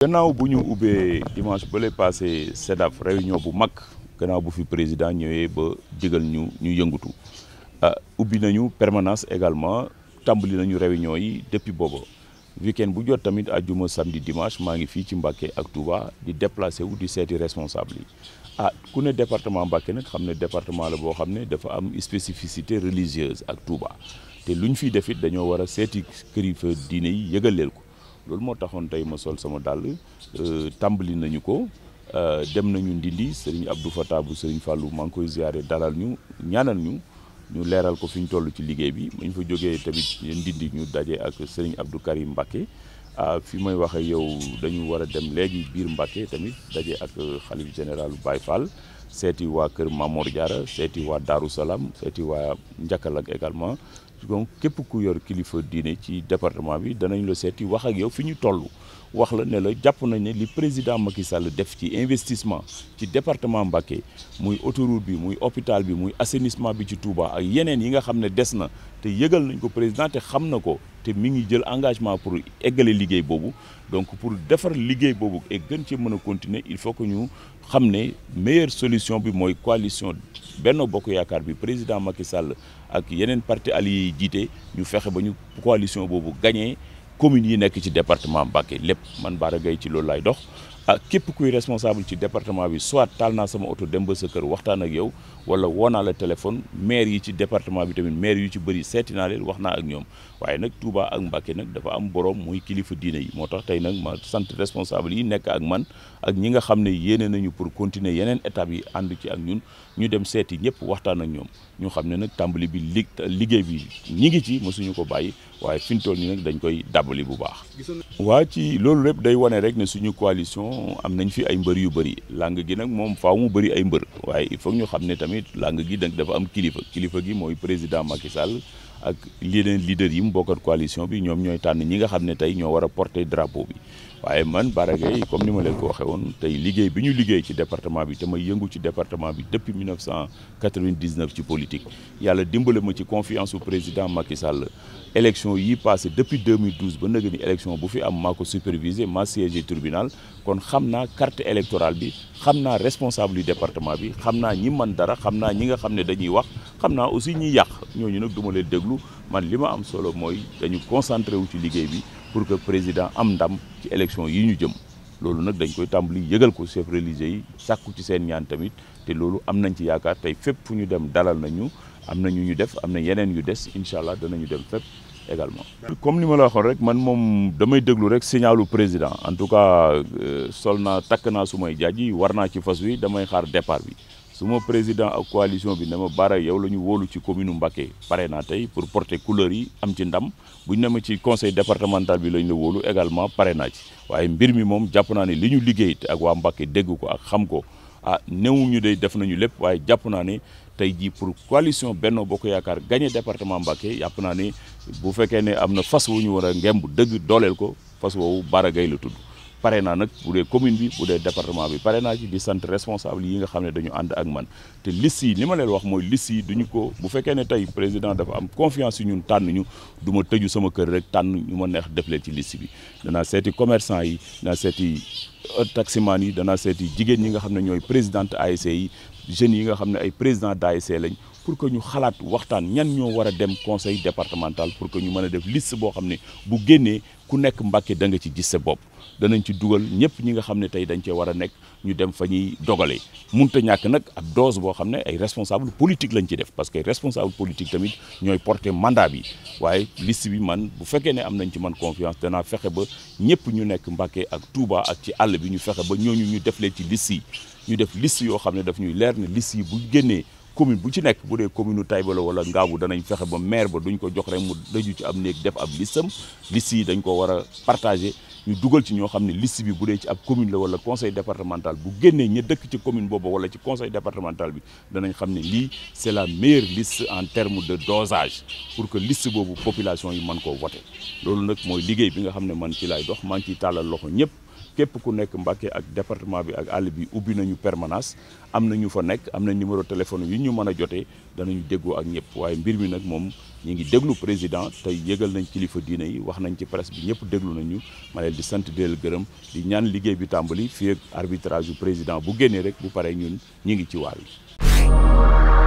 gannaaw bu ñu ubbee dimanche bale passé SEDAF réunion bu mag gannaaw bu fi président ñëwee ba digal ñu ñu yëngatu ah, ubbi nañu permanence également tàmbali nañu réunion yi depuis booba weekend bu jot tamit àjjuma samedi dimanche maa ngi fii ci Mbacké ak Touba di déplacé wu di seeti responsable yi ah ku ne département Mbacké nag xam ne département la boo xam ne dafa am spécificité religieuse ak Touba te lu ñu fiy def it dañoo war a seeti kilifa diine yi yëgaleel ko loolu moo taxoon tey ma sol sama dàll euh, tàmbali nañu ko euh, dem nañu Ndindi Serigne Abdou Fatah bu Serigne Fallou maa koy ziare dalal ñu ñaanal ñu ñu leeral ko fi ñu toll ci liggéey bi bu ñu fa jógee tamit Ndindi ñu daje ak Serigne Abdou Karim Mbacké fi may wax ak yow dañu war a dem léegi biir Mbacké tamit daje ak euh, xalif général Baye Fall seeti waa kër Mamor Diarra seeti waa Darou Salaam seeti waa Ndiakalak également. donc képp ku yor kilifa diine ci département bi danañ la seeti wax ak yow fi ñu toll wax la ne la jàpp nañ ne li président Macky Sall def ci investissement ci département Mbacké muy autoroute bi muy hôpital bi muy assainissement bi ci Touba ak yeneen yi nga xam ne des na te yëgal nañ ko président xam na ko te mi ngi jël engagement pour eggale liggéey boobu donc pour defar liggéey boobu et gën ci mën a continuer il faut que ñu xam ne meilleure solution bi mooy coalition Benno Bokk Yaakaar bi président Macky Sall ak yeneen parti alliés jiite ñu fexe ba ñu coalition boobu gañee communes yi nekk ci département Mbacké lépp man Bara Gaye ci loolu laay dox ah képp kuy responsable ci département bi soit taal naa sama oto dem ba sa kër waxtaan ak yow wala woo naa la téléphone maire yi ci département bi tamit maire yu ci bëri seeti naa leen wax naa ak ñoom waaye nag Touba ak Mbacké nag dafa am borom muy kilifa diine yi moo tax tey nag ma sant responsable yi nekk ak man ak ñi nga xam ne yéene nañu pour continuer yeneen étapes yi ànd ci ak ñun ñu dem seeti ñëpp waxtaan ak ñoom ñu xam ne nag tàmbali bi li liggéey bi ñi ngi ci mësuñu ko bàyyi waaye fi mu toll nag dañ koy dabali bu baax. waa ci loolu lépp day wane rek ne suñu coalition. bon am nañ fi ay mbër yu bëri làng gi nag moom faw mu bëri ay mbër waaye il faut ñu xam ne tamit làng gi dafa am kilifa kilifa gi mooy président Macky Sall ak yeneen leaders yi mu bokkat coalition bi ñoom ñooy tànn ñi nga xam ne tey ñoo war a porter drapeau bi waaye man Bara Gaye comme ni ma leen ko waxee woon tey liggéey bi ñu liggéey ci département bi te may yëngu ci département bi depuis 1999 ci politique yàlla dimbale ma ci confiance su président Macky Sall élection yi passé depuis 2012 ba nag ni élection bu fi am maa ko supervisé maa siégé tribunal kon xam naa carte électorale bi xam naa responsable bi xam naa ñi man dara xam naa ñi nga xam ne dañuy wax xam naa aussi ñiy yàq ñooñu nag duma leen déglu man li ma am solo mooy dañu concentré wu ci liggéey bi pour que président am ndam ci élection yi ñu jëm loolu nag dañ koy tàmbali yëgal ko chef religieux yi sàkku ci seen ñaan tamit te loolu am nañ ci yaakaar tey fépp fu ñu dem dalal ñu am na ñu ñu def am na yeneen yu des incha allah danañu dem fépp également. comme ni ma la waxoon rek man moom damay déglu rek signalu président en tout cas euh, sol naa takk naa su may jaaj yi naa ci fas wi damay xaar départ bi. suma président ak coalition bi ne ma Bara yow la ñu wóolu ci commune mbake pare na tey pour porte couleur yi am ci ndam bu ñu ne ma ci conseil départemental bi lañ la wóolu également pare naa ci waaye mbir mi moom jàpp naa ne li ñu liggéey te ak waa Mbacké dégg ko ak xam ko ah newuñu day def nañu lépp waaye jàpp naa ni tey jii pour coalition Benno Bokk Yaakaar gagné département Mbacké jàpp naa ni bu fekkee ne am na fas wu ñu war a ngemb dëgg dooleel ko fas woowu Bara gay la tudd pare naa nag bu dee commune bi bu département bi pare naa ci di sant responsable yi nga xam ne daño ànd ak man te liste yi li ma wax mooy liste yi duñu ko bu fekkee ne tey président dafa am confiance ñun tànn ñu du ma tëju sama kër rek tànn ñu ma neex def leen ci liste bi danaa seeti commerçant yi danaa seeti euh, taximan yi danaa seeti jigéen ñi nga xam ne ñooy présidente ASC e yi jeunes yi nga xam ne ay président d'ASC e lañ pour que ñu xalaat waxtaan ñan ñoo war dem conseil départemental pour que ñu mën a def liste boo xam ne bu génnee ku nekk Mbàkke da nga ci gis sa bopp danañ ci dugal ñëpp ñi nga xam ne tey dañ cee war a nekk ñu dem fa ñuy dogalee munta ñàkk nag ak dose boo xam ne ay responsable politique lañ ci def parce que responsable politique tamit ñooy porter mandat bi waaye liste bi man bu fekkee ne am nañ ci man confiance danaa fexe ba ñëpp ñu nekk Mbàkke ak Touba ak ci àll bi ñu fexe ba ñooñu ñu def leen ci liste yi ñu def liste yoo xam ne daf ñuy leer ne liste bu génnee commune bu ci nekk bu dee commune Taïba la wala Ngaabu danañ fexe ba maire ba duñ ko jox rek mu daju ci am néeg def ab listam liste yi dañ ko war a partagé ñu dugal ci ñoo xam ne liste bi bu dee ci ab commune la wala conseil départemental bu génnee ña dëkk ci commune boobu wala ci conseil départemental bi danañ xam ne lii c'est la meilleure liste en terme de dosage pour que liste boobu population yi mën koo voté loolu nag mooy liggéey bi nga xam ne man ci laay dox maa ngi ciy tàllal loxo ñëpp képp ku nekk Mbacké ak département bi ak àll bi ubbi nañu permanence am na ñu fa nekk am na numéro téléphone yu ñu mën a jotee danañu déggoo ak ñëpp waaye mbir mi nag moom ñu ngi déglu président tey yëgal nañ kilifa diine yi wax nañ ci presse bi ñëpp déglu nañu ma di sant di gërëm di ñaan liggéey bi tàmbali fii ak arbitrage yu président bu génnee rek bu paree ñun ñu ngi ci wàll